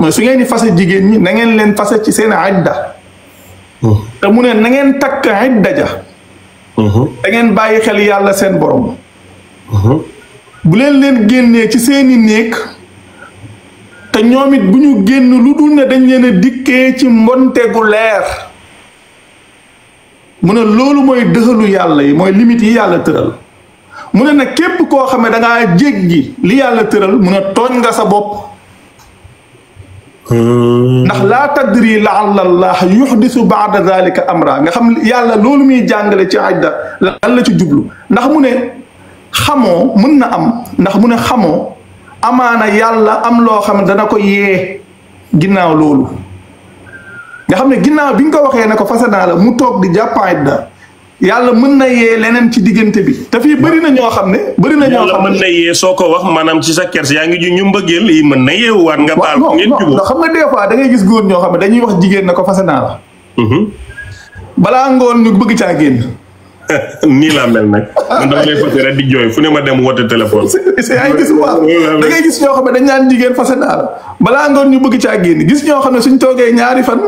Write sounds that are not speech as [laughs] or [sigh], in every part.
mooy su ngeen di fase jigéen ñi na ngeen leen fase ci seen idda mm-hmm. te mu ne na takk idda ja mm-hmm. da bàyyi xel yàlla seen borom mm-hmm. bu leen leen génnee ci seeni néeg te ñoomit bu ñu génn lu dul ne dañ leen a dikkee ci mbonte gu leer mu ne loolu mooy dëxalu yàlla yi mooy limite yi yàlla tëral mu ne nag képp koo xam ne dangaa jéggi li yàlla tëral mu ne tooñ nga sa bopp ndax laa tadri laalla allah yuxdisu baada dalika amra nga xam yàlla loolu muy jàngale ci idda lan la ci jublu ndax mu ne xamoo mën na am ndax mu ne xamoo amaana yàlla am loo xam dana ko yee ginnaaw loolu nga xam ne ginnaaw bi nga ko waxee ne ko fase naa la mu toog di jàpp idda yàlla mën na yee leneen ci diggante bi te fii bari na ñoo xam ne bari na ñoo xam ne mën yee soo ko wax maanaam ci sa kers yaa ngi ju ñu mbëggeel yi mën na yeewuwaat nga baal ko ngeen jubóo xam nga des fois da ngay gis góor ñoo xam ne dañuy wax jigéen na ko fase naa mhm. balaa ngoon ñu bëgg caa génn [laughs] nii laa mel nag man dama lay fase rek di jooy fu ne ma dem woote téléphone [laughs] c'est ay gis waaw da ngay gis ñoo xam ne dañ naan jigéen fase naa la balaa ngoon ñu bëgg caa génn gis ñoo xam ne suñ toogee ñaari fan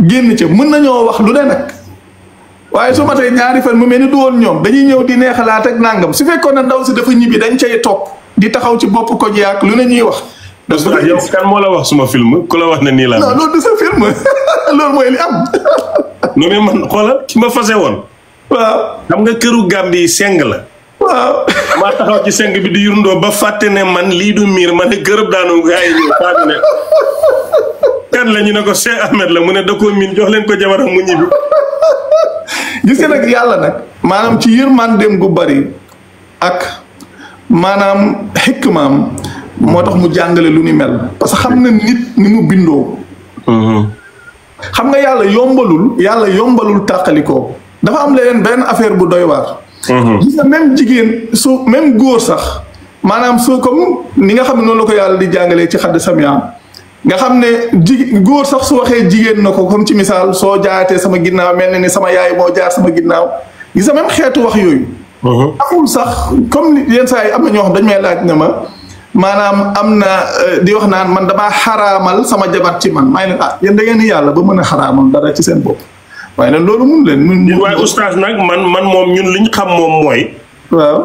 génn ca mën nañoo wax lu ne nag waaye su matee ñaari fan mu mel ni du woon ñoom dañuy ñëw di neexalaat ak nangam su fekkoon ne ndaw si dafa ñibbi dañ cay toog di taxaw ci bopp ko ak lu ne ñuy wax. yow kan moo la wax suma film ku wax ne nii laa. non loolu du sa film [laughs] loolu mooy li am. [laughs] xoolal ki ma fase woon. waaw xam nga këru Gàmbi yi seng la. waaw [laughs] maa taxaw ci seng bi di yurndoo ba fàtte ne man lii du miir ma ne gërëb daanu gaa yi fàtte ne. kan la ñu ne ko Cheikh Ahmed la mu ne da koo jox leen ko jabaram mu ñibbi. gis nga nag yàlla nag maanaam ci yërmandeem gu bari ak maanaam xikmaam moo tax mu jàngale lu ni mel parce que xam na nit ni mu bindoo. Mhm. xam nga yàlla yombalul yàlla yombalul tàqalikoo dafa am leneen benn affaire bu doy waar. Mhm. gis nga même jigéen su même góor sax maanaam soo comme ni nga xam ne noonu la ko yàlla di jàngalee ci xadd samiyaam nga xam ne ji góor sax su waxee jigéen na ko comme ci misaal soo jaatee sama ginnaaw mel na ni sama yaay boo jaar sama ginnaaw gis nga même xeetu wax yooyu. Uh-huh. amul sax comme yenn saa yi am na ñoo xam dañ laaj ne ma maanaam am na euh, di wax naan man damaa xaraamal sama jabar ci man maa ngi ah yéen da ngeen ni yàlla ba mën a xaraamal dara ci seen bopp waaye nag loolu mun leen. ñun waaye oustaz nag man man moom ñun li ñu xam moom mooy. waaw.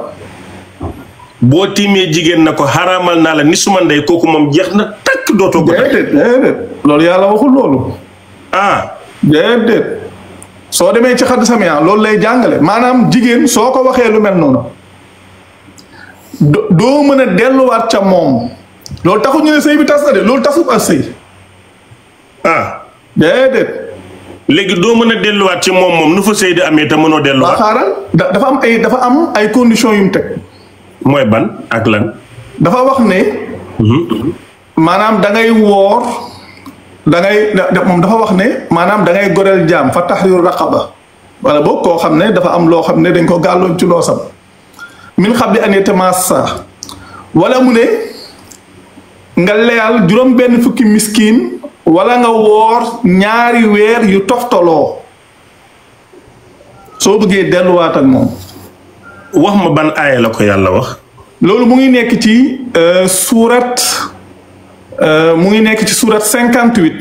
boo tiimee jigéen na ko xaraamal naa la ni suma ndey kooku moom jeex na. sëkk dootoo ko. déedéet déedéet loolu yàlla waxul loolu. ah déedéet. soo demee ci xadd samiya loolu lay jàngale maanaam jigéen soo ko waxee lu mel noonu doo mën a delluwaat ca moom loolu taxul ñu ne sëy bi tas na de loolu tasut ak sëy ah déedéet léegi doo mën a delluwaat ci moom moom nu fa sëy di amee te mënoo delluwaat xaaral dafa am ay dafa am ay conditions yu mu teg mooy ban ak lan dafa wax ne mhm. maanaam da ngay woor da moom dafa wax ne maanaam dangay ngay goreel jaam fa tahriru raqaba wala boog koo xam ne dafa am loo xam ne dañ ko gàlloon ci loosam min qabli an yatamassa wala mu ne nga leyal juróom benn fukki miskin walla nga woor ñaari weer yu toftaloo soo buggee delluwaat moom wax ma ban aaya la ko yàlla wax loolu mu ngi nekk ci euh, suurat Euh, mu ngi nekk ci surat cinquante huit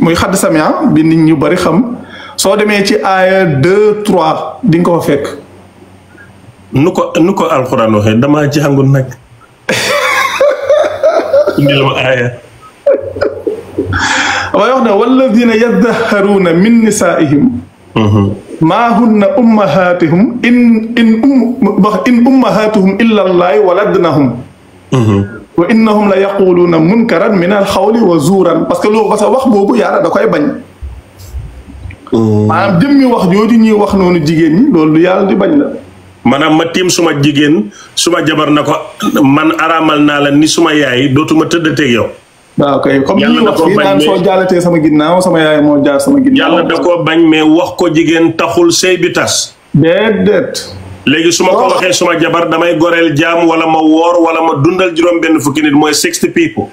muy xadd samia bi nit ñu bari xam soo demee ci aaya deux trois di ko fa fekk. nu ko nu ko alxuraan waxee damaa jàngul nag. [laughs] indil ma aaya. wax na walladina yaddaharuuna min nisaihim mhm. maa hunna ummahatihum in in um wax in ummahatuhum illa allaay waladnahum mhm. wa innahum la yaquluuna munkaran min al xawli wa zuuran parce que loolu parce que wax boobu yàlla da koy bañ. Hmm. maanaam jëmmi wax jooju ñuy wax noonu jigéen ñi loolu yàlla di bañ la. maanaam ma tiim suma jigéen suma jabar na ko man araamal naa la ni suma yaay dootuma tëddateeg yow. waaw kay comme ñuy wax fii naan sama ginnaaw sama yaay moo jaar sama ginnaaw. yàlla da koo bañ mais wax ko jigéen taxul sëy bi tas. déedéet. léegi su ma ko oh. waxee suma jabar damay goreel jaam wala ma woor wala ma dundal juróom-benn fukki nit mooy sixty people.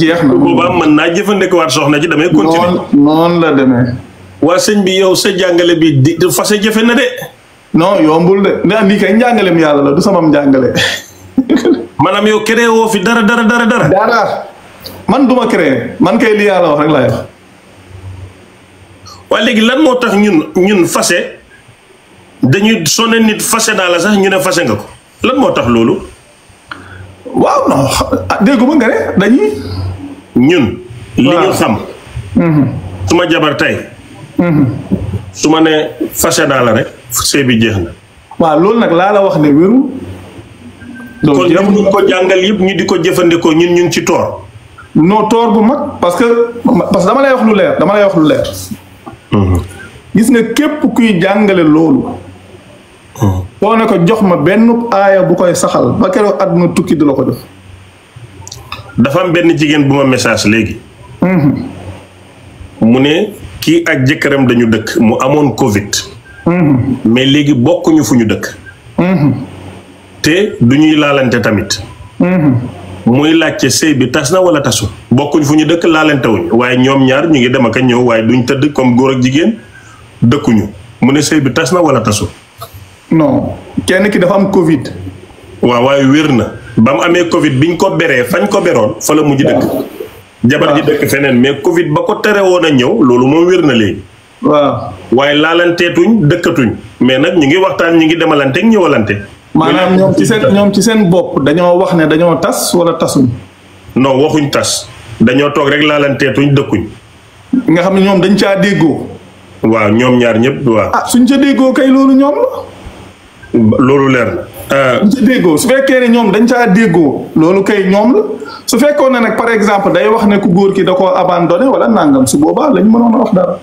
jeex na boobaa man naa jëfandikuwaat soxna ji damay. continuer noonu la demee. waa sëñ bi yow sa jàngale bi di fase jëfe na de. non yombul de mais lii kay njàngaleem yàlla la du samam njàngale. [laughs] maanaam yow créé woo fi dara dara dara dara. man duma créé man kay li yàlla wax rek laay waaye léegi lan moo tax ñun fase dañuy soo ne nit fase naa la sax ñu ne fase nga ko lan moo tax loolu. waaw non ah, dégguma nga ne dañuy. ñun. li ñu xam. Mhm. su ma jabar tey. Mhm. su ma ne fase naa la rek sëy bi jeex na. waaw loolu nag laa la wax ne wéru. kon ñu ko jàngal yëpp ñu di ko jëfandikoo ñun ñu ngi ci toor. noo toor bu mag parce que parce que dama lay wax lu leer dama lay wax lu leer. Mhm. gis nga képp kuy jàngale loolu. boo hmm. ne ko jox ma benn aaya bu koy saxal ba keroog àdduna tukki du la ko jox. dafa am benn jigéen bu ma message léegi. Hmm. mu ne kii ak jëkkëram dañu dëkk mu amoon Covid. Hmm. mais léegi bokkuñu fu ñu dëkk. te du ñuy laalante tamit. muy laajte sëy bi tas na wala tasu bokkuñ fu ñu dëkk laalantewuñ waaye ñoom ñaar ñu ngi dem ak a ñëw waaye duñ tëdd comme góor ak jigéen dëkkuñu mu ne sëy bi tas na wala tasu. no kenn ki dafa am Covid. waaw waaye wér na ba mu amee Covid biñ ko beree fañ ko beroon fa la mujj dëkk. jabar ji dëkk feneen mais Covid ba ko tere woon a ñëw loolu moom wér na léegi. waaw waaye laalanteetuñ dëkkatuñ mais nag ñu ngi waxtaan ñu ngi demalante ak ñëwalante. maanaam ñoom ci seen bopp dañoo wax ne dañoo tas wala tasuñ. non waxuñ tas dañoo toog rek laalanteetuñ dëkkuñ. nga xam ne ñoom dañ caa déggoo. waaw ñoom ñaar ñëpp waaw. ah suñ ca déggoo kay loolu ñoom. loolu leer na. Euh, bu déggoo su fekkee ne ñoom dañ caa déggoo loolu kay ñoom la su fekkoon ne nag par exemple day wax ne ku góor ki da ko abandonné wala nàngam su boobaa lañ mënoon a wax dara.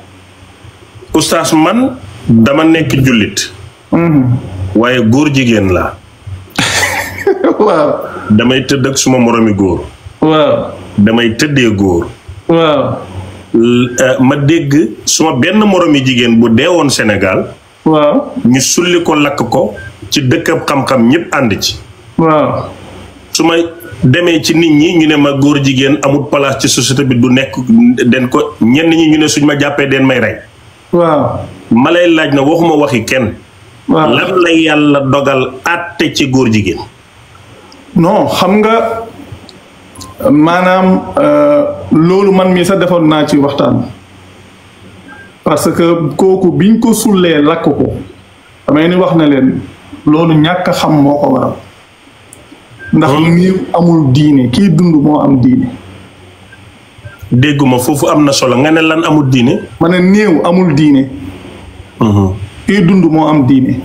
oustaz man dama nekk jullit. Mhm. waaye góor jigéen laa. [laughs] damay tëdd suma moromi góor. damay tëddee góor. Euh, ma dégg suma benn moroomi jigéen bu dee woon Sénégal. waaw ñu sulli ko lakk ko ci dëkkab xam-xam ñëpp ànd ci. waaw su ma demee ci nit ñi ñu ne ma góor jigéen amul place ci société bi du nekk den ko ñenn ñi ñu ne suñ ma jàppee den may rey. waaw ma lay laaj na waxuma waxi kenn. waaw lan la yàlla dogal àtte ci góor jigéen. no xam nga maanaam euh, loolu man mii sa defoon naa ci waxtaan. parce que kooku biñ ko sullee lakk ko damay ni wax na leen loolu ñàkk a xam moo ko waral ndax amul diine kii dund am diine dégguma foofu am na solo nga lan amul diine ma ne néew amul diine mhm. kii dund moo am diine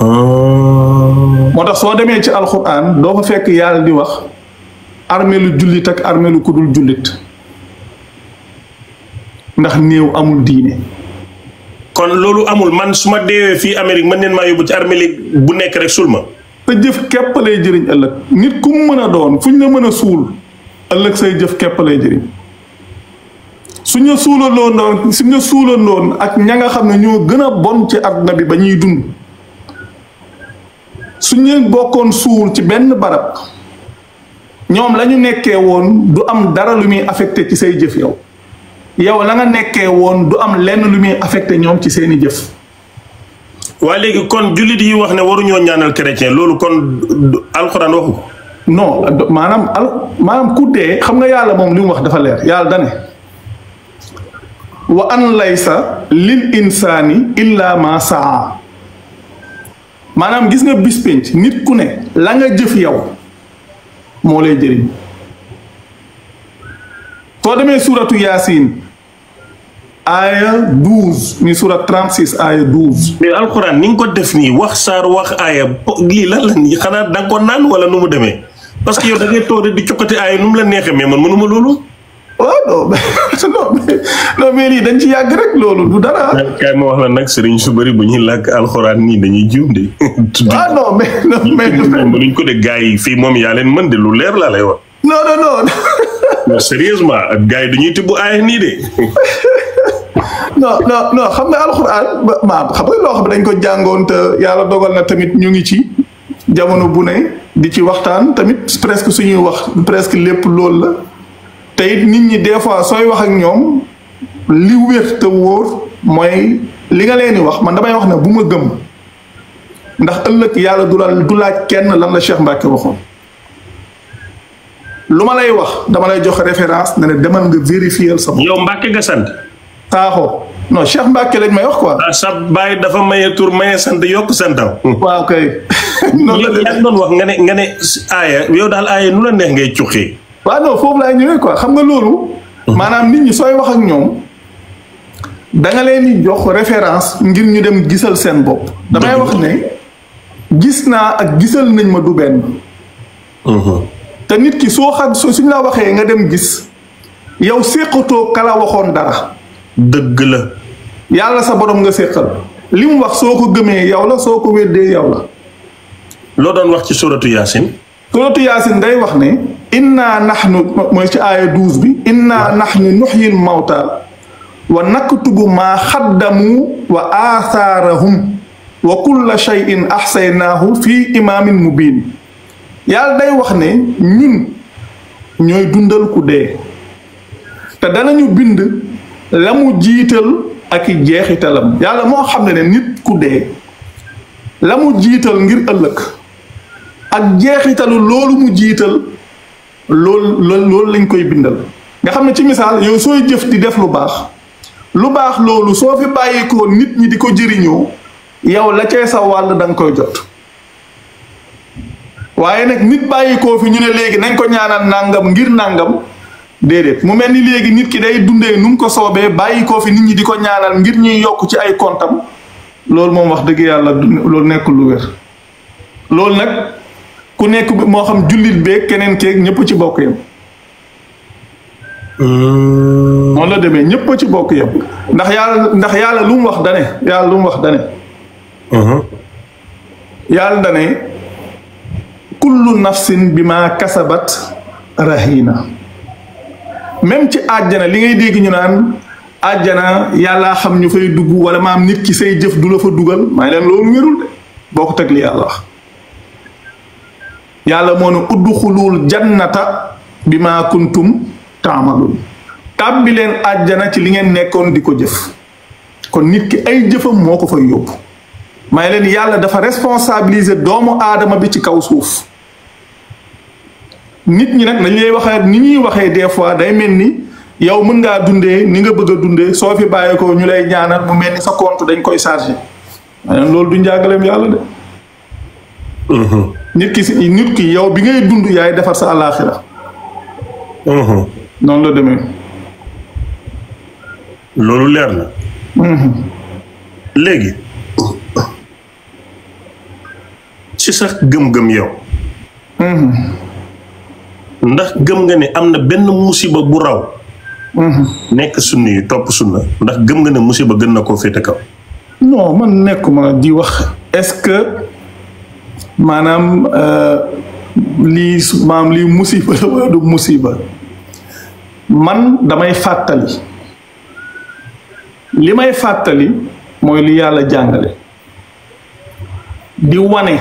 ah. moo tax soo demee ci alxuraan doo fa fekk yàlla di wax armée lu jullit ak armée lu kudul jullit ndax néew amul diine. kon loolu amul man su ma deewee fii Amérique mën neen maa yóbbu ci armée bu nekk rek sul ma. sa jëf képp lay jëriñ ëllëg nit kum mën a doon fu ñu la mën a suul ëllëg say jëf képp lay jëriñ su ñu suulandoon su ñu ak ña nga xam ne ñoo gën a bon ci àdduna bi ba ñuy dund su bokkoon suul ci benn barab ñoom lañu nekkee woon du am dara lu muy affecté ci say jëf yow. yow la nga nekkee woon du am lenn lu muy affecté ñoom ci seeni jëf. waa léegi kon jullit yi wax ne waruñoo ñaanal chrétien loolu kon alxuraan waxu ko. non maanaam al maanaam ku dee xam nga yàlla moom li mu wax dafa leer yàlla dane wa an laysa lil insaani illa ma saa maanaam gis nga bis nit ku ne la nga jëf yow moo lay jëriñ soo demee suuratu yaasiin aaya 12 ni suura 36 aaya 12. mais alxuraan ni nga ko def nii wax saar wax aaya lii lan la nii xanaa da nga ko naan wala nu mu demee parce que yow da ngay toog di cokkati aaya nu mu la neexee mais man mënuma loolu. waaw oh, non [laughs] non mais lii dañ ci yàgg rek loolu du dara. Ah, kaay wax la nag sëriñ su bëri bu ñuy làkk alxuraan nii dañuy jiw de. [laughs] ah non mais non mais. mënuñ ko de gars yi fii moom yaa leen mën de lu leer laa lay wax. non non non. sérieusement gars yi dañuy tibb aaya nii de. [laughs] non non non xam nga alxuraan maam xam nga loo xam ne dañ ko jàngoon te yàlla dogal na tamit ñu ngi ci jamono bu ne di ci waxtaan tamit presque suñuy wax presque lépp lool la te nit ñi des fois sooy wax ak ñoom li wér te wóor mooy li nga leen di wax man damay wax ne bu ma gëm ndax ëllëg yàlla du la du laaj kenn lan la Cheikh Mbacke waxoon lu ma lay wax dama lay jox référence ne ne demal nga vérifier sa bopp. yow Mbacke nga saaxo non Cheikh Mbacke lañ may wax quoi. Ah, sa baay dafa maye tur maye sant yokk santam. Hmm. waaw kay. [laughs] noonu la doon wax nga ne nga ne aaya yow daal aaya nu la neex ngay cuqi. waaw non foofu laay ñëwee quoi xam nga loolu. Hmm. maanaam nit ñi sooy wax ak ñoom. danga leen di jox référence ngir ñu dem gisal seen bopp. damay wax ne gis naa ak gisal nañ ma du benn. Hmm. te nit ki soo xam soo suñ laa waxee nga dem gis. yow séqatoo kala waxoon dara. dëgg la yàlla sa borom nga séqal li mu wax soo ko gëmee yow la soo ko weddee yow la loo doon wax ci suratu yaasin suratu yaasin day wax ne inna nahnu mooy ci aaya bi inna nahnu nuxyil mawta wa naktubu maa xaddamu wa aathaarahum wa kulla shay'in ahsaynaahu fii imaamin mubin yàlla day wax ne ñun ñooy dundal ku dee te danañu bind la mu jiital ak i jeexitalam yàlla moo xam ne ne nit ku dee la mu jiital ngir ëllëg ak jeexitalu loolu mu jiital loolu loolu lañ koy bindal nga xam ne ci misaal yow sooy jëf di def lu baax lu baax loolu soo fi bàyyikoo nit ñi di ko jëriñoo yow la cay sa wàll danga koy jot waaye nag nit bàyyikoo fi ñu ne léegi nañ ko ñaanal nàngam ngir nàngam déedéet mu mel ni léegi nit ki day dundee nu mu ko soobee bàyyi koo fi nit ñi di ko ñaanal ngir ñuy yokk ci ay kontam loolu moom wax dëgg yàlla loolu nekkul lu wér loolu nag ku nekk moo xam jullit beeg keneen keeg ñëpp ci bokk yam hmm. noonu la demee ñëpp ci bokk yam ndax yàlla ndax yàlla lu wax dane yàlla lu wax dane uh-huh. yàlla dane kullu nafsin bi ma kasabat rahina même ci àjjana li ngay dégg ñu naan àjjana yàlla xam ñu fay dugg wala maam nit ki say jëf du la fa dugal may leen loolu wérul de boo ko teg li yàlla wax yàlla moo ne udxulul jannata bi maa kuntum taamalun tàbbi leen àjjana ci li ngeen nekkoon di ko jëf kon nit ki ay jëfam moo ko fay yóbbu may leen yàlla dafa responsabiliser doomu aadama bi ci kaw suuf nit ñi nag dañ lay ni ñuy waxee des fois day mel ni yow mën ngaa dundee ni nga bëgg a dundee soo fi bàyyi ko ñu lay ñaanal mu mel ni sa compte dañ koy chargé loolu du njàngaleem yàlla de. Mm-hmm. nit ki si nit ki yow bi ngay dund yaay defar sa àllaaxira. Mm-hmm. noonu la loolu leer na. Mm-hmm. léegi ci sax gëm-gëm yow. ndax gëm nga ni am na benn musiba bu raw. Mhm. nekk sunni yi topp sunna ndax gëm nga ne musiba gën na koo féete kaw. non man nekkuma di wax est-ce que maanaam euh, lii su lii musiba la wala du musiba man damay fàttali li may fàttali mooy li yàlla jàngale di wane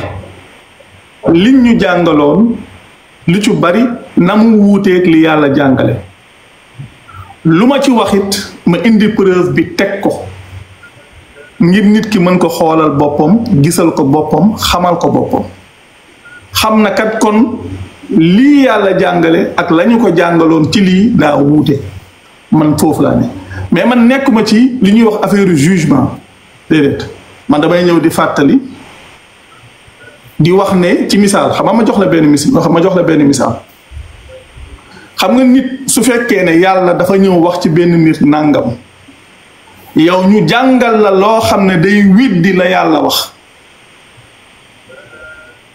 liñ ñu jàngaloon lu ci bari. na mu wuuteeg li yàlla jàngale lu ma ci waxit ma indi preuve bi teg ko ngir nit ki mën ko xoolal boppam gisal ko boppam xamal ko boppam xam na kat kon lii yàlla jàngale ak lañu ko jàngaloon ci lii daa wuute man foofu laa ne mais man nekkuma ci li ñuy wax affaire jugement déedéet man damay ñëw di fàttali di wax ne ci misaal xam ma jox la benn misaal ma jox la benn misaal xam nga nit su fekkee ne yàlla dafa ñëw wax ci benn nit nàngam yow ñu jàngal la loo xam ne day di la yàlla wax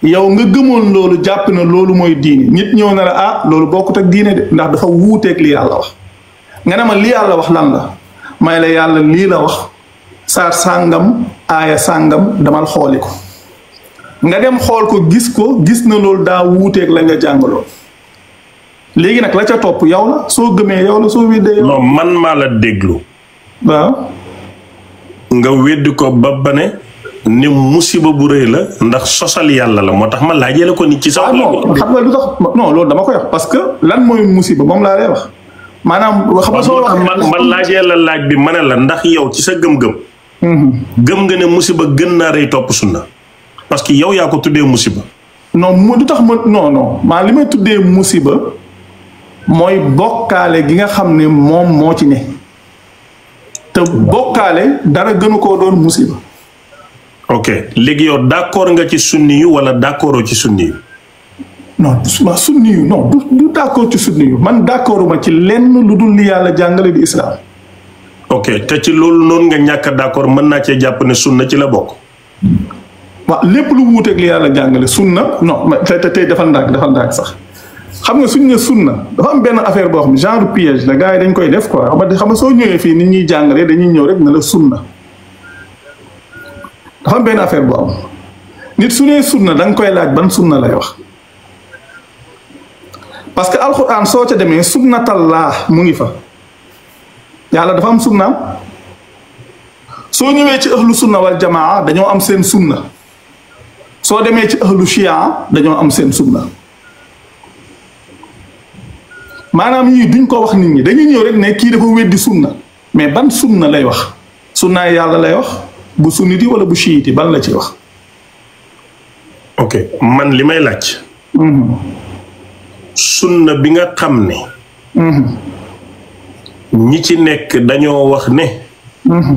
yow nga gëmoon loolu jàpp na loolu mooy diine nit ñëw na la ah loolu bokkut ak diine de ndax dafa wuuteeg li yàlla wax nga ne ma li yàlla wax lan la may la yàlla lii la wax saar sàngam aaya sàngam demal xooli ko nga dem xool ko gis ko gis na loolu daa wuuteeg la nga jàngaloon léegi nag la ca topp yow la soo gëmee yow la soo weddee yow. non man maa la déglu. waaw. nga weddi ko ba ba ne ni musiba bu rëy la ndax sosal yàlla la moo tax ma laajee la ko nit ci sax. ah non xam nga dama koy wax parce que lan mooy musiba moom laa wax. maanaam xam nga soo wax man man laajee laaj bi ma la ndax yow ci sa gëm-gëm. Mhm. gëm nga ne musiba gën naa rëy topp sunna parce que yow yaa ko tuddee musiba. non mu du tax ma non maa li may tuddee musiba. mooy bokkaale gi nga xam ne moom moo ci ne te bokkaale dara gënu koo doon musiba ok léegi yow d'accord nga ci sunni yu wala d'accordoo ci sunni yu non ma sunni yu non du du d'accord ci sunni yu man d'accorduma ci lenn lu dul li yàlla jàngale di islam ok te ci loolu noonu nga ñàkk a d'accord mën naa cee jàpp ne sunna ci la bokk waaw lépp lu wuuteeg li yàlla jàngale sunna non te te tey defal ndànk defal sax xam nga suñ ne na dafa am benn affaire boo xam genre piège la gars yi dañ koy def quoi xam nga soo ñëwee nit ñuy jàngalee dañuy ñëw rek ne la sunna dafa am affaire bu am nit su nee na danga koy laaj ban na lay wax parce que alxuraan soo ca demee na sunnatallaa mu ngi fa yàlla dafa am sunnaam soo ñëwee ci ahlu sunna wal jamaa dañoo am seen sunna soo demee ci ahlu chia dañoo am seen sunna maanaam yii duñ ko wax nit ñi dañuy ñëw rek ne kii dafa weddi sunna mais ban sunna lay wax sunnaay yàlla lay wax bu sunniti wala bu chiiti ban la ci wax. ok man li may laaj. Mhm. sunna bi nga xam ne. Mhm. ñi ci nekk dañoo wax ne. Mhm.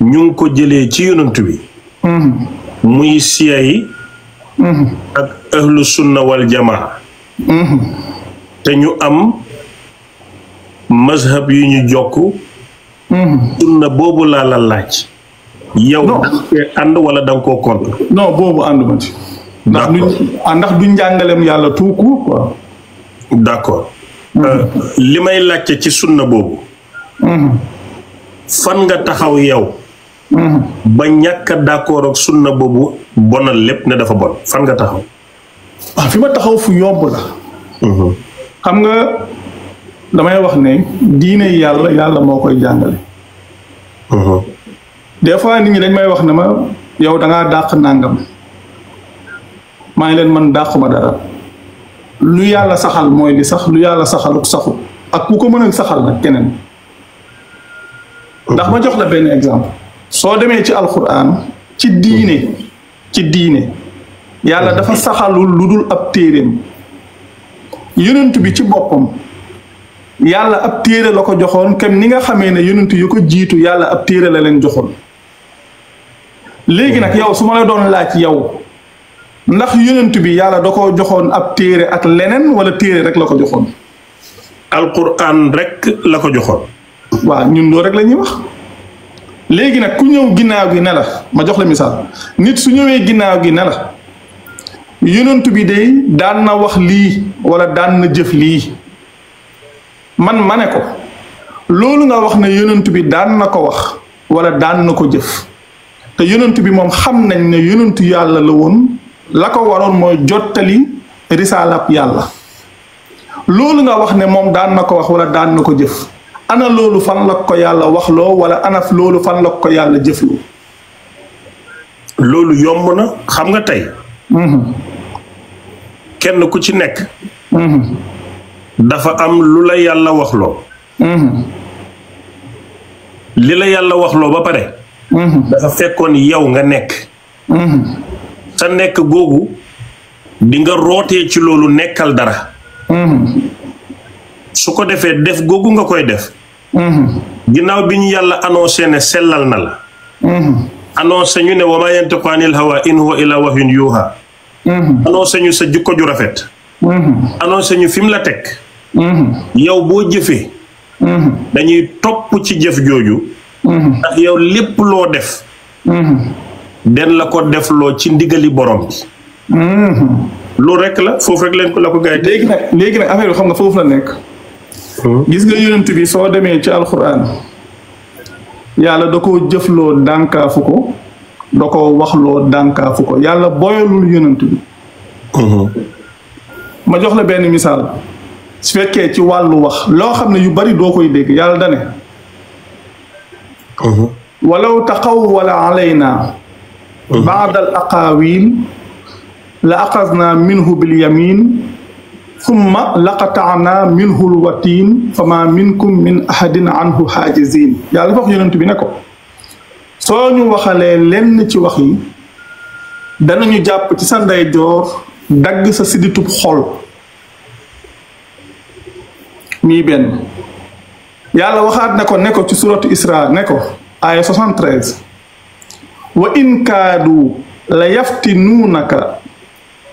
ñu ngi ko jëlee ci bi. muy siya yi. ak ahlu sunna wal jamaa. te ñu am mazhab yu ñu jokk sunna boobu laa la laaj yow ànd wala da koo contre non boobu ànduma ci ndax du ah, ndax njàngaleem yàlla tout court quoi euh, li may laajte ci sunna boobu mm-hmm. fan nga taxaw yow mm-hmm. ba ñàkk a d'accord ak sunna boobu bonal lépp ne dafa bon fan nga taxaw ah, fi ma taxaw fu yomb la mm-hmm. xam nga damay wax ne diine yàlla yàlla moo koy jàngale. Uh-huh. des fois nit ñi dañ may wax ne ma yow dangaa dàq nàngam maa ngi leen man dàquma dara lu yàlla saxal mooy li sax lu yàlla saxalut saxut ak ku ko mën a saxal nag keneen. ndax ma jox la benn exemple. soo demee ci alxuraan ci diine ci diine yàlla dafa saxalul lu dul ab téereem yonent bi ci boppam. yàlla ab téere la ko joxoon kem ni nga xamee ne yonent yu ko jiitu yàlla ab téere la leen joxoon léegi nag yow su ma la doon laaj yow ndax yonent bi yàlla da ko joxoon ab téere ak leneen wala téere rek la ko joxoon. alquran rek la ko joxoon. waaw ñun loolu rek la ñuy wax léegi nag ku ñëw ginnaaw gi ne la ma jox la misaal nit su ñëwee ginnaaw gi ne la yonent bi day daan na wax lii wala daan na jëf lii. man ma ne ko loolu nga wax ne yonent bi daan na ko wax wala daan na ko jëf te yonent bi moom xam nañ ne yonentu yàlla la woon la ko waroon mooy jottali risaalab yàlla loolu nga wax ne moom daan na ko wax wala daan na ko jëf ana loolu fan la ko yàlla waxloo wala ana loolu fan la ko yàlla jëfloo. loolu yomb na xam nga tey. Mhm. kenn ku ci nekk. Mhm. dafa am lu la yàlla waxloo li la yàlla waxloo ba pare dafa fekkoon yow nga nekk sa nekk googu di nga rootee ci loolu nekkal dara su ko defee def googu nga koy def ginnaaw bi ñu yàlla annoncé ne sellal na la annoncé ñu ne wa maa yantiqu anil hawa in huwa illa wahyun yuuha annoncé ñu sa jikko ju rafet annoncé ñu fim la teg Mm-hmm. yow boo jëfee. Mm-hmm. dañuy topp ci jëf jooju. Mm-hmm. ndax yow lépp loo def. den la ko def loo ci ndigali borom bi. loolu rek la foofu rek leen ko la ko gars yi. léegi nag léegi affaire bi xam nga foofu la nekk. gis nga yonent bi soo demee ci alxuraan yàlla da koo jëfloo dànkaafu ko da koo waxloo dànkaafu ko yàlla boyalul yonent bi. ma jox la benn misaal. su fekkee ci wàllu wax loo xam ne yu bari doo koy dégg yàlla dane uh-huh. walaw taqawwala alayna uh-huh. baad al la axasna minhu bil yamin summa laqataana minhu l watiin fama minkum min ahadin anhu xaajizin yàlla dafa wax yonent bi ne ko soo ñu waxalee lenn ci wax yi danañu jàpp ci sa ndeyjoor dagg sa sidditub xol nii benn yàlla waxaat ne ko nekko ci suratu isra ne ko aaya 73 wa in kaadu la yaftinuunaka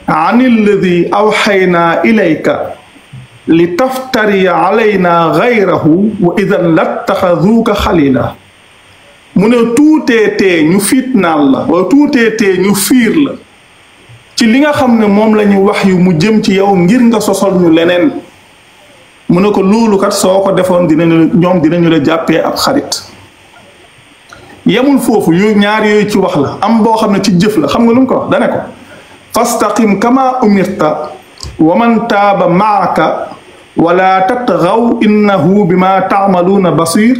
an illadi awxaynaa ilayka li taftariya alaynaa gayrahu wa idan lattaxaduuka xalila mu ne tuutee tee ñu fitnaal la wala tuutee tee ñu fiir ci li nga xam ne moom la ñu wax mu jëm ci yow ngir nga sosol ñu leneen mu ne ko loolu kat soo ko defoon dinañu ñoom dinañu la jàppee ab xarit yemul foofu yu ñaar yooyu ci wax la am boo xam ne ci jëf la xam nga lu ko wax dane ko fastaqim kama umirta wa man taaba maaka wala tatgaw innahu bima taamaluuna basir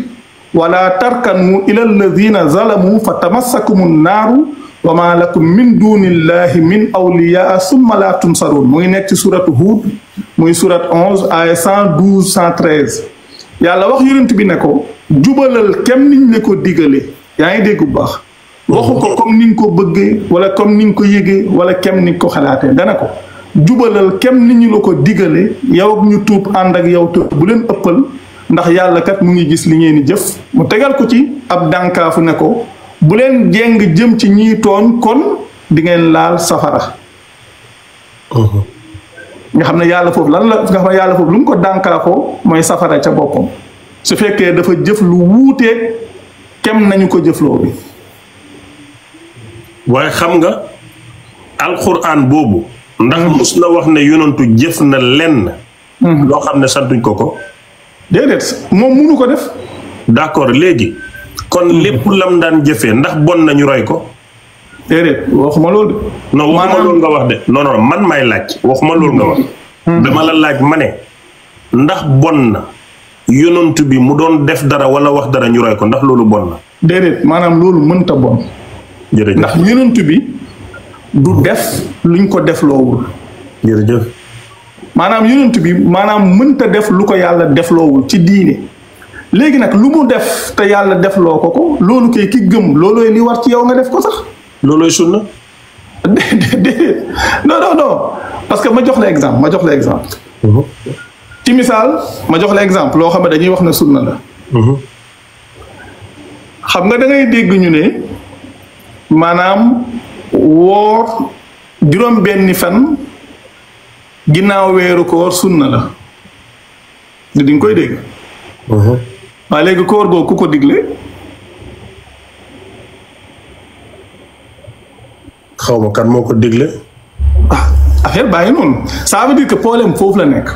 wala tarkanu ila alladina zalamu fa tamassakumu nnaaru wa maa lakum min dunillahi min awliyaa summa laa tunsaruun mu ngi nekk ci suratu Huud muy surat 11 ay 112 113 yàlla wax yonent bi ne ko jubalal kem niñ ne ko digale yaa ngi dégg bu baax waxu ko comme ni nga ko bëggee wala comme ni nga ko yëgee wala kem ni nga ko xalaatee dana ko jubalal kem ni ñu la ko digale yow ak ñu tuub ànd ak yow te bu leen ëppal ndax yàlla kat mu ngi gis li ngeen di jëf mu tegal ko ci ab dànkaafu ne ko buleen leen jéng jëm ci ñii tooñ kon di ngeen laal safara nga xam ne yàlla foofu lan la nga xam ne yàlla foofu lu mu ko dànkaafoo mooy safara ca boppam su fekkee dafa jëf lu wuuteeg kem nañu ko jëfloo bi waaye xam nga alxuraan boobu ndax mus na wax ne yonantu jëf na lenn loo xam ne santuñ ko ko déedéet moom munu ko def d'accord léegi kon mm-hmm. lépp lam daan jëfee ndax bon nañu roy ko. déedéet waxuma loolu. non waxuma loolu nga wax de non man may laaj waxuma loolu nga wax. Mm-hmm. dama la laaj ma ne ndax bon na yonent bi mu doon def dara wala wax dara ñu roy ko ndax loolu bon na. déedéet maanaam loolu mënta bon. jërëjëf ndax yonent bi du def luñ ko def loowul. jërëjëf. maanaam yonent bi maanaam mënta def lu ko yàlla def loowul ci diine. léegi nag lu mu def te yàlla def loo ko ko loolu kay ki gëm loolooy li war ci yow nga def ko sax. loolooy sunna. [laughs] déedéet non non non parce que ma jox la exemple ma jox la exemple. Mhm. ci misaal ma jox la exemple loo xam ne dañuy wax ne sunna la. Mhm. xam nga dangay dégg ñu ne maanaam woor juróom benni fan ginnaaw weeru koor na la di nga koy dégg. Mhm. waaye léegi koor googu ku ko digle. xaw ma kan moo ko digle. ah affaire bàyyi noonu ça veut dire que problème foofu la nekk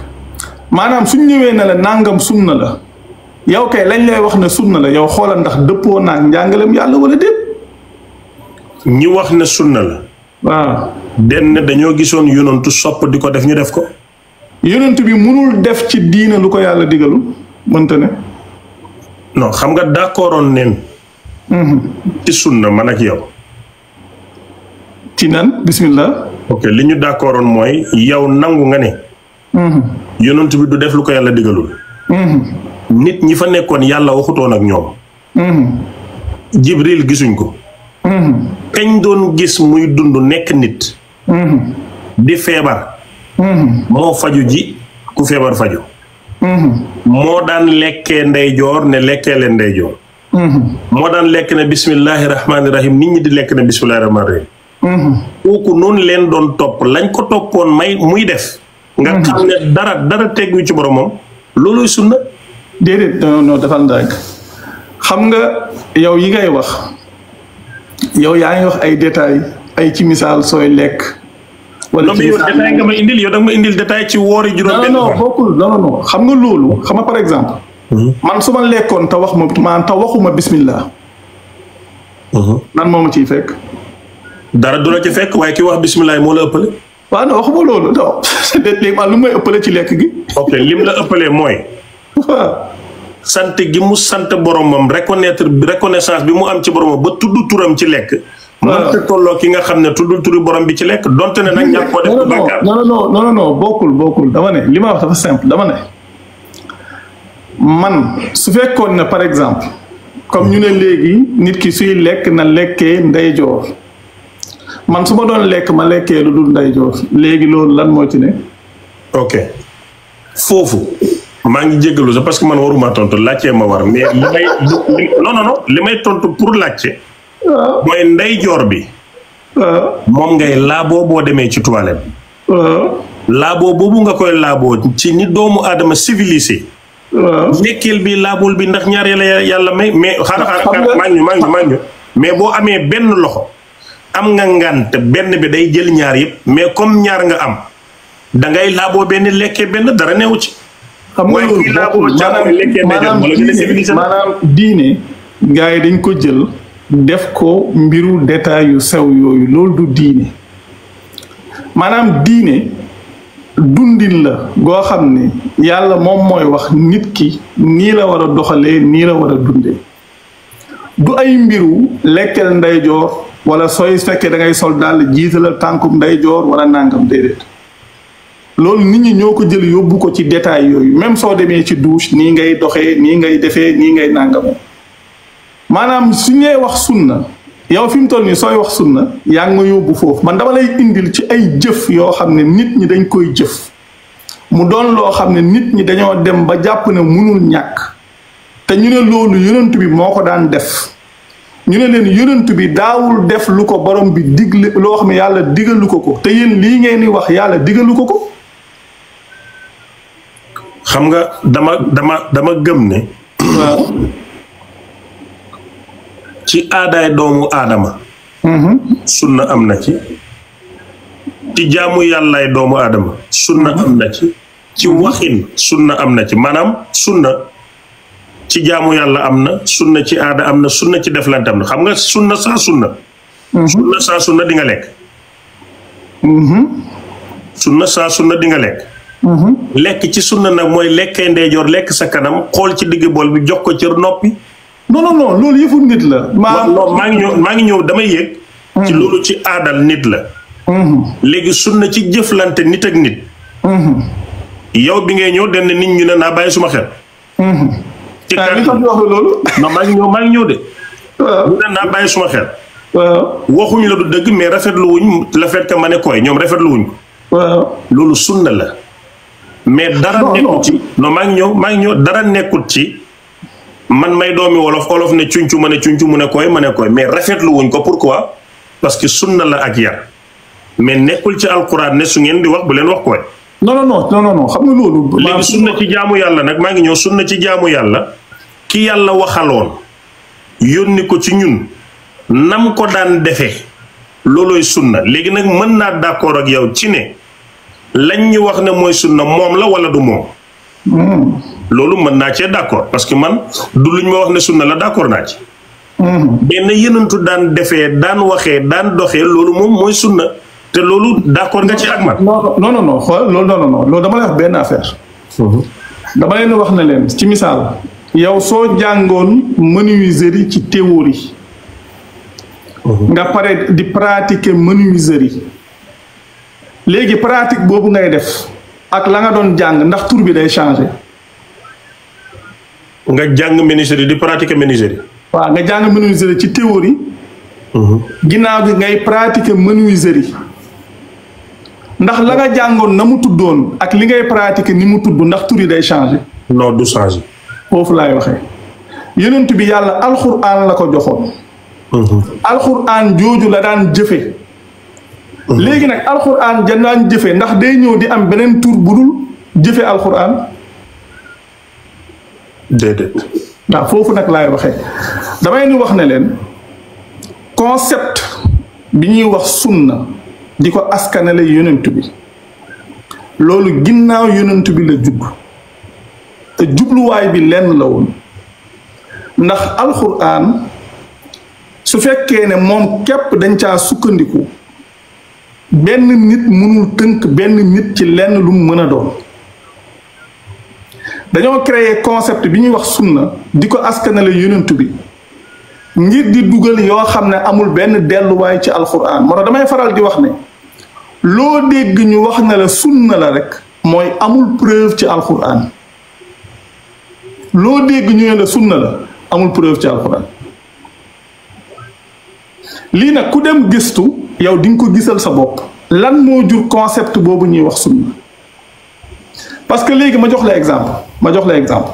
maanaam suñ ñëwee ne la nangam sunna la yow kay lañ lay wax ne sunna la yow xoolal ndax dëppoo naag njàngaleem yàlla wala déet. ñi wax ne sunna la. waaw. den dañoo gisoon yonantu sopp di ko def ñu def ko. yonantu bi mënul def ci diina lu ko yàlla digalu mënta ne. non xam nga d'accordoon neen mhm. ci na man ak yow. ci nan bismillah. ok li ñu d'accordoon mooy yow nangu nga ne. Mhm. yonent bi du def lu ko yàlla digalul. Mhm. nit ñi fa nekkoon yàlla waxutoon ak ñoom. Jibril gisuñ ko. kañ doon gis muy dund nekk nit. di feebar. moo faju ji ku feebar faju Mm-hmm. moo daan lekkee ndeyjoor ne lekkee leen ndeyjoor. Mm-hmm. moo daan lekk ne bismillahi rahmaani rahim nit ñi di lekk ne bismillahi rahmaani rahim. Mm-hmm. noonu leen doon topp lañ ko toppoon may muy def. nga xam ne dara dara tegu ci boromam looluy sunna. déedéet non non defal ndànk xam nga yow yi ngay wax yow yaa ngi wax ay détails ay ci misaal sooy lekk. wala ci misaal nga ma indil yow da nga ma indil détail ci woori juróom benn non bokkul non xam nga loolu xam nga par exemple. Hmm? man su ma lekkoon te wax ma maanaam te waxuma bismillah. Hmm? nan moo ma ciy du la ci fekk waaye ki wax bismillah moo la ëppale. waaw non waxuma loolu non [laughs] lu may ëppale ci lekk gi. ok lim la ëppalee mooy. sant gi mu sant boromam reconnaître reconnaissance bi mu am ci boromam ba tudd turam ci lekk. mënta tolloo ki nga xam ne tuddul turu borom bi ci lekk donte ne nag ñàkk koo def ko bàkkaar non non non non bokkul bokkul dama li ma wax dafa simple dama man su fekkoon ne par exemple comme ñu ne léegi nit ki suy lekk na lekkee ndeyjoor man su ma doon lekk ma lekkee lu dul ndeyjoor léegi loolu lan moo ci ne ok foofu maa ngi jéggalu sax parce que man waruma tontu laajte ma war mais li may tontu pour laajte mooy ndeyjoor bi. moom ngay laabo boo demee ci toilette. laaboo boobu nga koy laaboo ci ni doomu aadama civilisé. nekkeel bi laabul bi ndax ñaar yàlla yàlla may mais. xaaral xaaral maa mais boo amee benn loxo. am nga ngant benn bi day jël ñaar yëpp mais comme ñaar nga am dangay ngay benn lekkee benn dara new ci. xam nga loolu maanaam diine maanaam dañ ko jël. def ko mbiru détail yu sew yooyu loolu du diine maanaam diine dundin la goo xam ne yàlla moom mooy wax nit ki nii la war a doxalee nii la war a dundee du ay mbiru lekkeel ndeyjoor wala sooy fekkee da ngay sol dàll jiitalal tànkum ndeyjoor wala nàngam déedéet loolu nit ñi ñoo ko jël yóbbu ko ci détail yooyu même soo demee ci douche nii ngay doxee nii ngay defee nii ngay nàngamoo maanaam su ñee wax sunna yow fi mu toll nii sooy wax sunna yaa ngi ma yóbbu foofu man dama lay indil ci ay jëf yoo xam ne nit ñi dañ koy jëf mu doon loo xam ne nit ñi dañoo dem ba jàpp ne munul ñàkk te ñu ne loolu yonent bi moo ko daan def ñu ne leen yonent bi daawul def lu ko borom bi digle loo xam ne yàlla digalu ko ko te yéen lii ngeen di wax yàlla diggalu ko ko. xam nga dama dama dama gëm ne. ci aadaay doomu aadama mm-hmm. sunna am na ci ci jaamu yàllaay doomu aadama sunna mm-hmm. am na ci ci waxin sunna am na ci maanaam sunna ci jaamu yàlla am na sunna ci aada am na sunna ci deflante am na xam nga sunna saa sunna mm-hmm. sunna saa sunna di nga lekk sunna saa sunna di lekk lekk ci sunna nag mooy lekkee ndeyjoor lekk sa kanam xool ci diggu bool bi jox ko cër noppi non loolu yëfu nit la. maa non maa ngi ñëw maa ngi ñëw damay yëg. Hmm. ci loolu ci aadal nit la. Hmm. léegi na ci jëflante nit ak nit. Hmm. yow bi ngay ñëw denn nit ñu ne naa bàyyi suma xel. ci ah, maa ngi ñëw ñëw de. waaw ñu suma xel. waaw waxuñu la du dëgg mais rafetlu wuñ la fait ma ne koy ñoom rafetlu wuñ ko. waaw loolu sunna la. mais dara nekkul ci non maa ngi ñëw maa ngi ñëw dara nekkul ci. man may doomi wolof wolof ne cuñcu ma ne cuñcu mu ne koy ma ne koy mais rafetlu wuñ ko pourquoi parce que sunna la ak yar mais nekkul ci alquran ne su ngeen di wax bu leen wax koy. non non non non non xam nga loolu. léegi sunna ci jaamu yàlla nag maa ngi ñëw sunna ci jaamu yàlla. ki yàlla waxaloon yónni ko ci ñun nam ko daan defee loolooy sunna léegi nag mën naa d'accord ak yow ci ne lañ ñu wax ne mooy sunna moom la wala du moom. loolu mën naa cee d' accord parce que man du luñ ma wax ne sunna la d' accord naa ci. mais na yenantu daan defee daan waxee daan doxee loolu moom mooy sunna te loolu d' accord nga ci ak man. xool loolu non non non loolu dama lay wax benn affaire. dama leen wax ne leen ci misaal. yow soo jàngoon menuiserie ci théorie. nga pare di pratiquer menuiserie. léegi pratique boobu ngay def. ak la nga doon jàng ndax tur bi day changé. nga jàng menuiserie di pratique menuiserie. waaw nga jàng menuiserie ci théorie. Mhm. ginnaaw bi ngay pratiquer menuiserie. ndax la nga jàngoon na mu tuddoon ak li ngay pratiquer ni mu tudd ndax tur yi day changé. non du changé. foofu laay waxee. yonent bi yàlla alxuraan la ko joxoon. Mhm. alxuraan jooju la daan jëfe Mhm. léegi nag alxuraan janaan jëfe ndax day ñëw di am beneen tur bu dul jëfe alxuraan déedéet waaw foofu nag laay waxee damay ni wax ne leen concept bi ñuy wax sunna di ko askanale yonentu bi loolu ginnaaw yonent bi la jublu te jubluwaay bi lenn la woon ndax alxuraan su fekkee ne moom képp dañ caa sukkandiku benn nit mënul tënk benn nit ci lenn lu mu mën a doon dañoo créer concept bi ñuy wax sunna di ko askanale yonent bi ngir di dugal yoo xam ne amul benn delluwaay ci alxuraan moo damay faral di wax ne loo dégg ñu wax na la sunna la rek mooy amul preuve ci alxuraan loo dégg ñu ne la sunna la amul preuve ci alxuraan lii nag ku dem gëstu yow di ko gisal sa bopp lan moo jur concept boobu ñuy wax sunna parce que léegi ma jox la exemple ma jox la exemple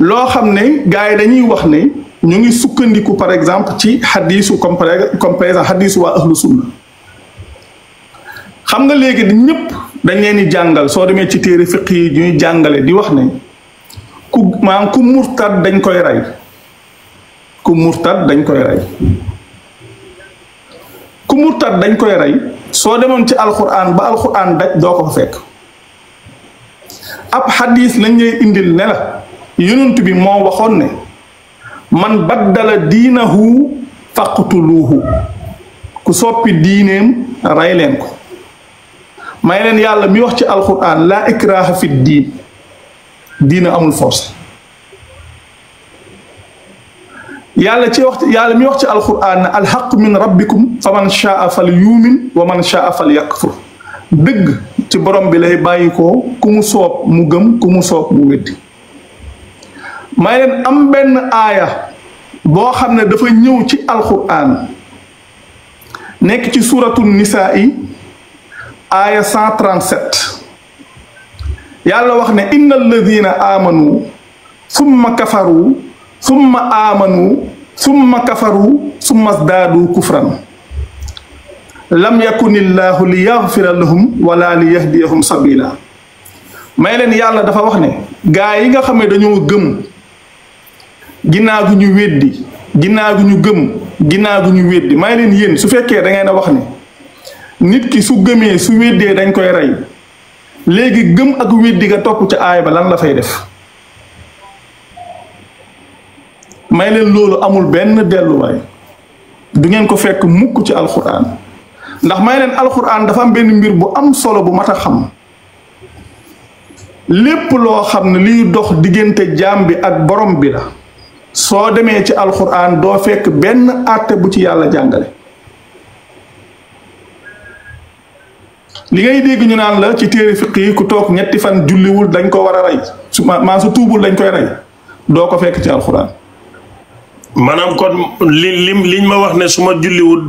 loo xam ne gars yi dañuy wax ne ñu ngi sukkandiku par exemple ci xadiisu comme comme par exemple xadiisu waa ahlu xam nga léegi di ñëpp dañ leen di jàngal soo demee ci téere fiq yi ñuy jàngale di wax ne ku maanaam ku murtad dañ koy rey ku murtad dañ koy rey ku dañ koy rey soo demoon ci alxuraan ba alxuraan daj doo ko fa fekk ab xadiis lañ lay indil ne la yonent bi moo waxoon ne man baddala diinahu faqtuluuhu ku soppi diineem rey leen ko may leen yàlla mi wax ci alxuraan laa ikraha fi diin diina amul force yàlla ci wax yàlla mi wax ci alquran na alxaqu min rabbikum fa man shaa fal yuumin wa man yakfur dëgg ci borom bi lay bàyyi ko ku mu soob mu gëm ku mu soob mu weddi may leen am benn aaya boo xam ne dafa ñëw ci alquran nekk ci suuratu nisaa aaya 137 yàlla wax ne inna alladina amanu summa kafaru summa amanu su summa kafaru mas sdaadu kufran lam yakun illaahu li yaxfira lahum wala li yahdiyahum sabila may leen yàlla dafa wax ne gaa yi nga xam ne dañoo gëm ginnaaw gi ñu weddi ginnaaw gi ñu gëm ginnaaw gi ñu weddi may leen yéen su fekkee da ngeen a wax ne nit ki su gëmee su weddee dañ koy rey léegi gëm ak weddi ga topp ca aay ba lan la fay def may leen loolu amul benn delluwaay du ngeen ko fekk mukk ci alxuraan ndax may leen alxuraan dafa am benn mbir bu am solo bu mat a xam lépp loo xam ne liy dox diggante jaam bi ak borom bi la soo demee ci alxuraan doo fekk benn àtte bu ci yàlla jàngale li ngay dégg ñu naan la ci téere fiq yi ku toog ñetti fan julliwul dañ ko war a rey su maa su tuubul dañ koy rey doo ko fekk ci alxuraan maanaam kon li lim liñ ma wax ne su ma julliwul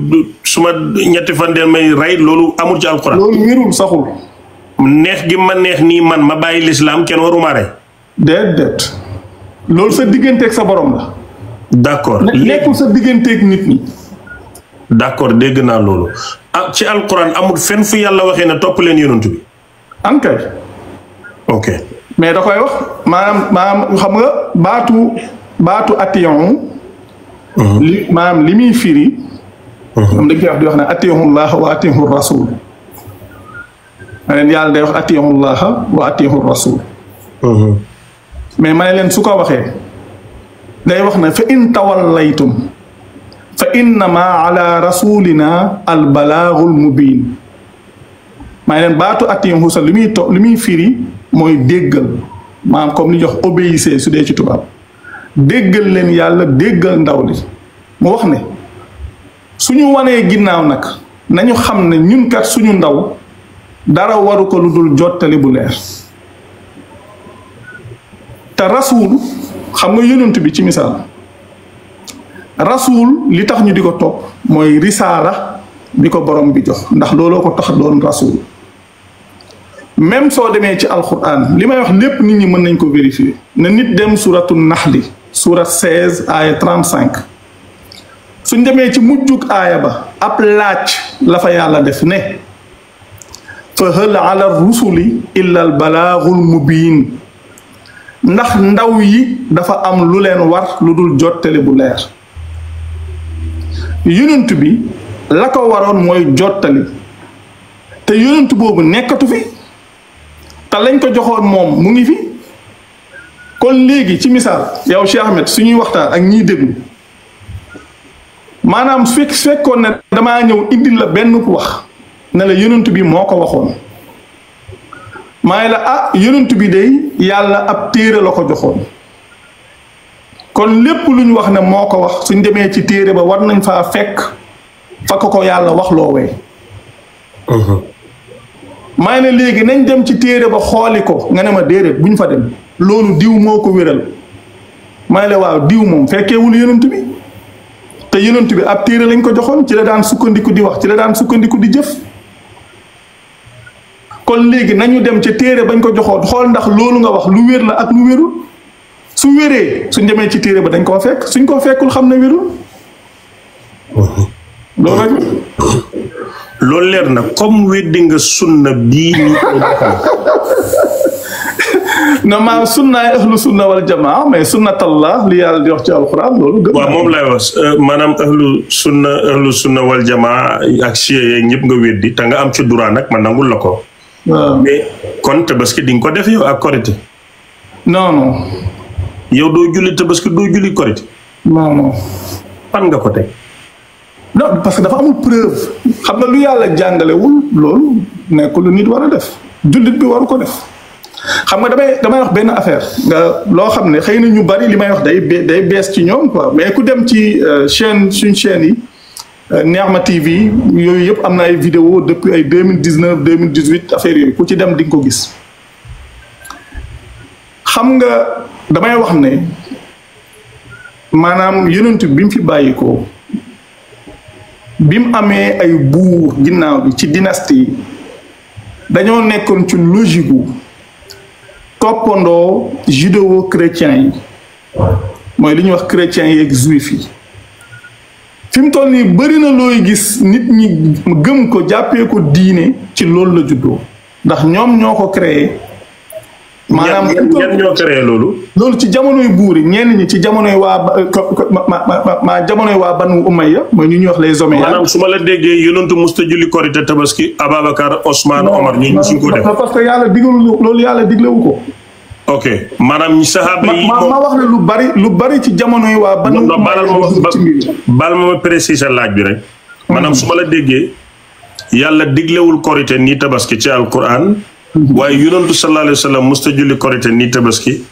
su ma ñetti fan dee may rey loolu amul ci alxuraan. loolu wérul saxul. neex gi ma neex nii man ma bàyyi lislaam kenn waruma rey. déedéet loolu sa digganteeg sa borom la. d' accord nekkul sa digganteeg nit ñi. d' accord dégg naa loolu ah ci alxuraan amul fenn fu yàlla waxee ne topp leen yonent bi. ankay. ok mais da koy wax maanaam maanaam xam nga baatu baatu atiyon Mhm. li maanaam li muy firi. moom dañ koy wax di wax ne atihullah wa atihur rasul. ma leen yàlla day wax atihullah wa atihur rasul. Mhm. mais ma leen su ko waxee. day wax ne fa in tawallaytum fa innama ala rasulina al balaagul mubin maa ngi leen baatu attihusa li muy to li muy firi mooy déggal maanaam comme li jox obéissez su dee ci tubaab déggal leen yàlla déggal ndaw li mu wax ne su ñu wanee ginnaaw nag nañu xam ne ñun kat suñu ndaw dara waru ko lu dul jottali bu leer te rasuul xam nga yonent bi ci misaal rasuul li tax ñu di ko topp mooy risaala bi ko borom bi jox ndax looloo ko tax doon rasuul même soo demee ci alquran li may wax lépp nit ñi mën nañ ko vérifier na nit dem suuratu nax li suura 16 aaya 35 suñ demee ci mujjug aaya ba ab laaj la fa yàlla def ne fa hal ala rusuli illa al balaagul mubiin ndax ndaw yi dafa am lu leen war lu dul jottali bu leer yonent bi la ko waroon mooy jottali te yonent boobu nekkatu fi te lañ ko joxoon moom mu ngi fi kon léegi ci misaal yow Cheikh Ahmed suñuy waxtaan ak ñii déglu maanaam su fekkoon ne damaa ñëw indil la benn wax ne la yonent bi moo ko waxoon maa ngi la ah yonent bi day yàlla ab téere la ko joxoon kon lépp lu ñu wax ne moo ko wax suñ demee ci téere ba war nañ faa fekk fa ko ko yàlla wax loowee uh-huh. maa ngi la léegi nañ dem ci téere ba xooli ko nga ne ma déedéet buñ fa dem loolu diw moo ko wéral may la waaw diw moom fekkeewul yonent bi te yonent bi ab téere lañ ko joxoon ci la daan sukkandiku di wax ci la daan sukkandiku di jëf kon léegi nañu dem ci téere bañ ko joxoon xool ndax loolu nga wax lu wér la ak lu wérul su wéree suñ demee ci téere ba dañ koo fekk suñ koo fekkul xam ne wérul loolu leer na comme weddi nga sunna bii ni [laughs] non maanaam sunnaay ahlu sunna wal jamaa mais sunnatallah li yàlla di wax ci alxuraan loolu. gëm waaw moom lay wax euh, maanaam ahlu sunna ahlu sunna wal jamaa ak siye yeeg ñëpp nga weddi te nga am ci droit nag ma nangul la ko. waaw mais kon ko def ak korite. non non. yow doo nga ko teg. non parce que dafa amul preuve xam nga lu yàlla jàngalewul loolu nekkul lu nit war a def jullit bi waru ko def. xam nga damay damay wax benn affaire nga loo xam ne xëy na ñu bari li may wax day day bees ci ñoom quoi mais ku dem ci euh, chaîne suñ chaîne yi euh, neex Nihma TV yooyu yëpp am na ay vidéo depuis ay deux mille dix neuf deux mille dix huit affaire yooyu ku ci dem di ko gis xam nga damay wax ne maanaam yonent bi mu fi bàyyi ko bi mu amee ay buur ginnaaw bi ci dynastie dañoo nekkoon ci logique toppandoo judéo chrétien yi mooy li ñuy wax chrétiens yeeg juif yi fi mu toll nii bëri na looy gis nit ñi gëm ko jàppee ko diine ci loolu la juddoo ndax ñoom ñoo ko créé maanaam ñan ñoo créé loolu. loolu ci jamonoy buur yi ñenn ñi ci jamonoy waa ma jamonoy waa banu umayya mooy ñu ñuy wax les Omeyyades. su ma la déggee yonentu musta julli korite tabaski Ababacar Ousmane Omar ñu ñu ko def. parce que yàlla digalu loolu yàlla diglewu ko. ok maanaam ñi saxaaba yi. wax ne lu bari lu bari ci jamonoy waa. banu umayya bal ma ma préciser laaj bi rek. maanaam mhm. su ma la déggee yàlla diglewul korite ni tabaski ci alquran. waaye yonantu sallallahu alayhi wa sallam musta julli korite ni tabaski.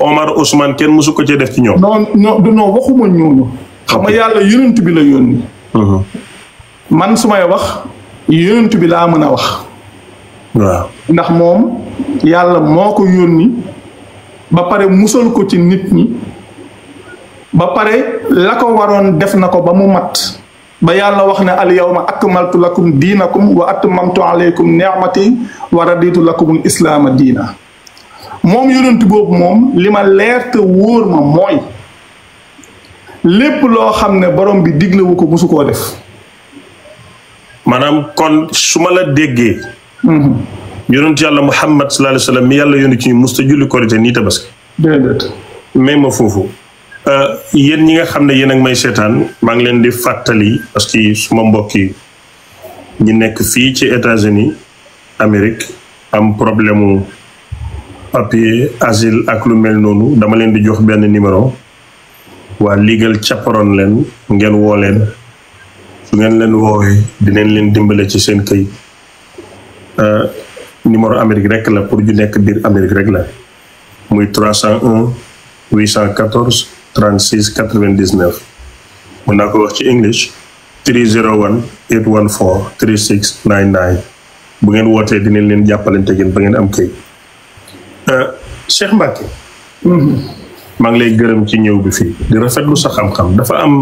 Omar Ousmane kenn mosu ko cee def ci ñoom. non non non waxuma ñooñu. xam nga yàlla yonent bi la yónni. Uh-huh. man su wax yonent bi laa mën a wax. waaw ndax moom yàlla moo ko yónni ba pare musal ko ci nit ñi ba pare la ko waroon def na ko ba mu mat. ba yàlla wax ne al yawma akmaltu lakum diinakum wa atmamtu aleykum ni'mati wa raditu lakumul a diina moom yonent boobu moom li ma leer wóor ma mooy lépp loo xam ne borom bi diglewu ko mosu koo def maanaam kon su ma la déggee mhm. yonent yàlla muhammad sallallahu alayhi wa sallam mi yàlla yónni ci musta julli korite nii tabaski may ma foofu Euh, yéen ñi nga xam ne yéen ak may seetaan maa ngi leen di fàttali parce que suma mbokk yi ñi nekk fii ci États-Unis Amérique am problème mu papier asile ak lu mel noonu dama leen di jox benn numéro waa legal chaperon leen ngeen woo leen su ngeen leen woowee dinañ leen dimbale ci seen këy euh, numéro Amérique rek la pour ñu nekk biir Amérique rek la muy 301 814. 36 99 mun naa ko wax ci english 301 814 3699 bu ngeen wootee dinañ leen jàppalante ngeen ba ngeen am këy euh, Cheikh Mbacke mhm. maa ngi lay gërëm ci ñëw bi fii di rafetlu sa xam-xam dafa am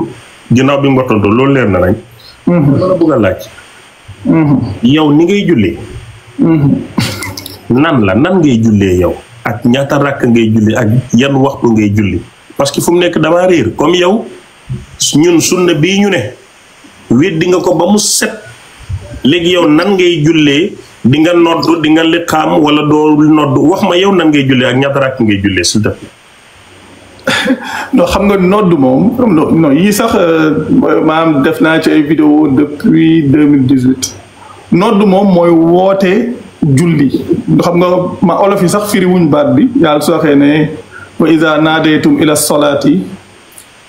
ginnaaw bi mbotonto loolu leer na nañ mhm. dama la bëgg a laaj mhm. yow ni ngay jullee nan la nan ngay jullee yow ak ñaata rakk ngay julli ak yan waxtu ngay julli parce que fu mu nekk damaa réer comme yow ñun sunna bii ñu ne weddi nga ko ba mu set léegi yow nan ngay jullee dinga nga nodd di nga wala doo nodd wax ma yow nan ngay jullee ak ñaata rakk ngay jullee s'il te plaît [laughs] xam nga nodd moom non yii sax euh, maanaam def naa ci ay vidéo depuis deux mille dix huit nodd moom mooy woote julli xam nga ma olof yi sax firiwuñ baat bi yàlla sooxee ne wa ida naadaytum ila solaati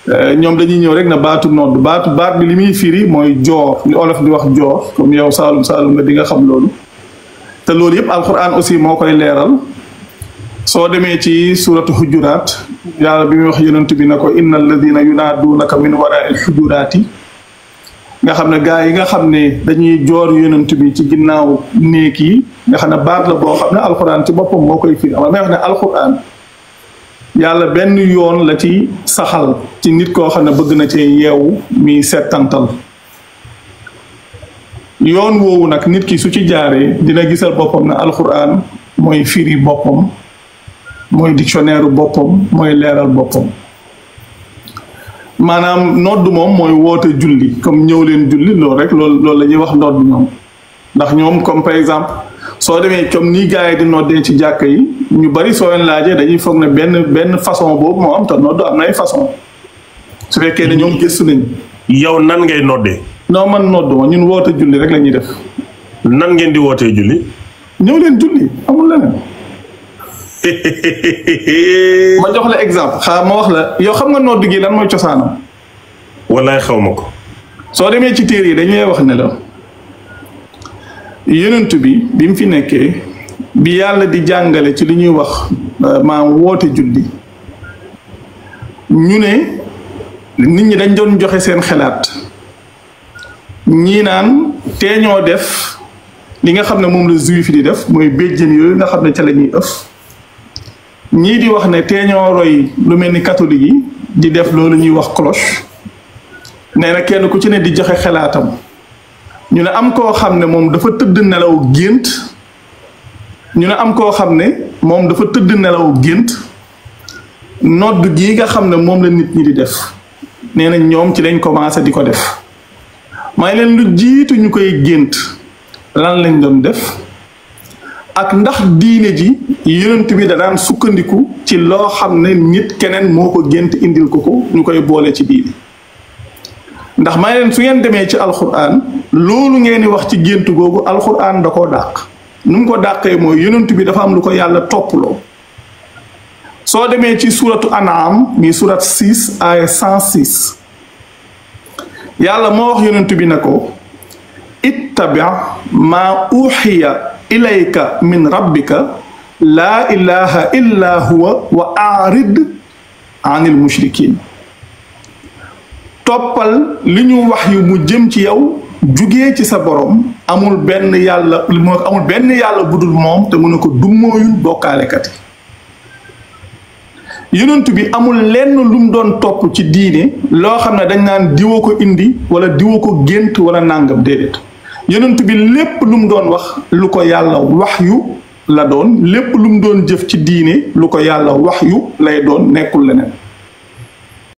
eh, ñoom dañuy ñëw rek na baatu nodd baatu baat bi li muy firi mooy joor li olof di wax joor comme yow saalum saalum nga di nga xam loolu te loolu yëpp alquran aussi moo koy leeral soo demee ci suratu yàlla bi muy wax yonent bi na ko inna alladina yunaaduunaka min waraa il xujuraati nga xam ne gaa yi nga xam ne dañuy joor yonent bi ci ginnaaw néeg yi nga xam ne baat la boo xam ne alquran ci boppam moo koy firi ama may wax ne alquran yàlla benn yoon la ci saxal ci nit koo xam ne bëgg na cee yeewu mi settantal yoon woowu nag nit ki su ci jaaree dina gisal boppam ne alxuraan mooy firi boppam mooy dictionnaire boppam mooy leeral boppam maanaam nodd moom mooy woote julli comme ñëw leen julli lool rek loolu loolu la ñuy wax nodd ñoom ndax ñoom comme par exemple soo demee comme nii gars yi di noddee ci jàkk yi ñu bari soo leen laajee dañuy foog ne benn benn façon boobu moo am te nodd am na ay façon su fekkee ne ñoom gëstu nañ yow nan ngay noddee non man nodduma ñun woote julli rek la ñuy def nan ngeen di wootee julli ñëw leen julli amul leneen [laughs] ma jox la exemple xaa ma wax la yow xam nga nodd gi lan mooy cosaanam wallaay xaw ma ko soo demee ci téere yi dañu lay wax ne yonent bi bi mu fi nekkee bi yàlla di jàngale ci li ñuy wax euh, maam woote julli ñu ne nit ñi dañ doon joxe seen xalaat ñii naan teeñoo def li nga xam ne moom la juif di def mooy béjjën yooyu nga xam ne ca lañuy ëf ñii di wax ne tee ñoo roy lu mel ni catholique yi di def loolu ñuy wax cloche nee na kenn ku ci ne di joxe xalaatam ñu ne am koo xam ne moom dafa tëdd nelaw gént ñu ne am koo xam ne moom dafa tëdd nelaw gént nodd gii nga xam ne moom la nit ñi di def nee nañ ñoom ci lañ commencé di ko def may leen lu jiitu ñu koy gént lan lañ doon def ak ndax diine ji yonent bi da sukkandiku ci loo xam ne nit keneen moo ko gént indil ko ko ñu koy boole ci diine ndax maa leen su ngeen demee ci alxuraan loolu ngeen di wax ci gént googu alxuraan da koo dàq num ko dàqee mooy yonent bi dafa am lu ko yàlla toppaloo soo demee ci suuratu anaam mi suurat 6 ay yàlla moo wax yonent bi na ko ittabi maa uxiya ilayka min rabbika la ilaha illa huwa wa arid anil mushrikin toppal li ñu wax yu mu jëm ci yow jóge ci sa borom amul benn yàlla amul benn yàlla budul moom te mu ne ko dummóoyul bokkaalekat yi yonent bi amul lenn lu mu doon topp ci diine loo xam ne dañ naan diwa ko indi wala diwa ko gént wala nàngam déedéet yonent bi lépp lu mu doon wax lu ko yàlla wax yu la doon lépp lu mu doon jëf ci diine lu ko yàlla wax yu lay doon nekkul leneen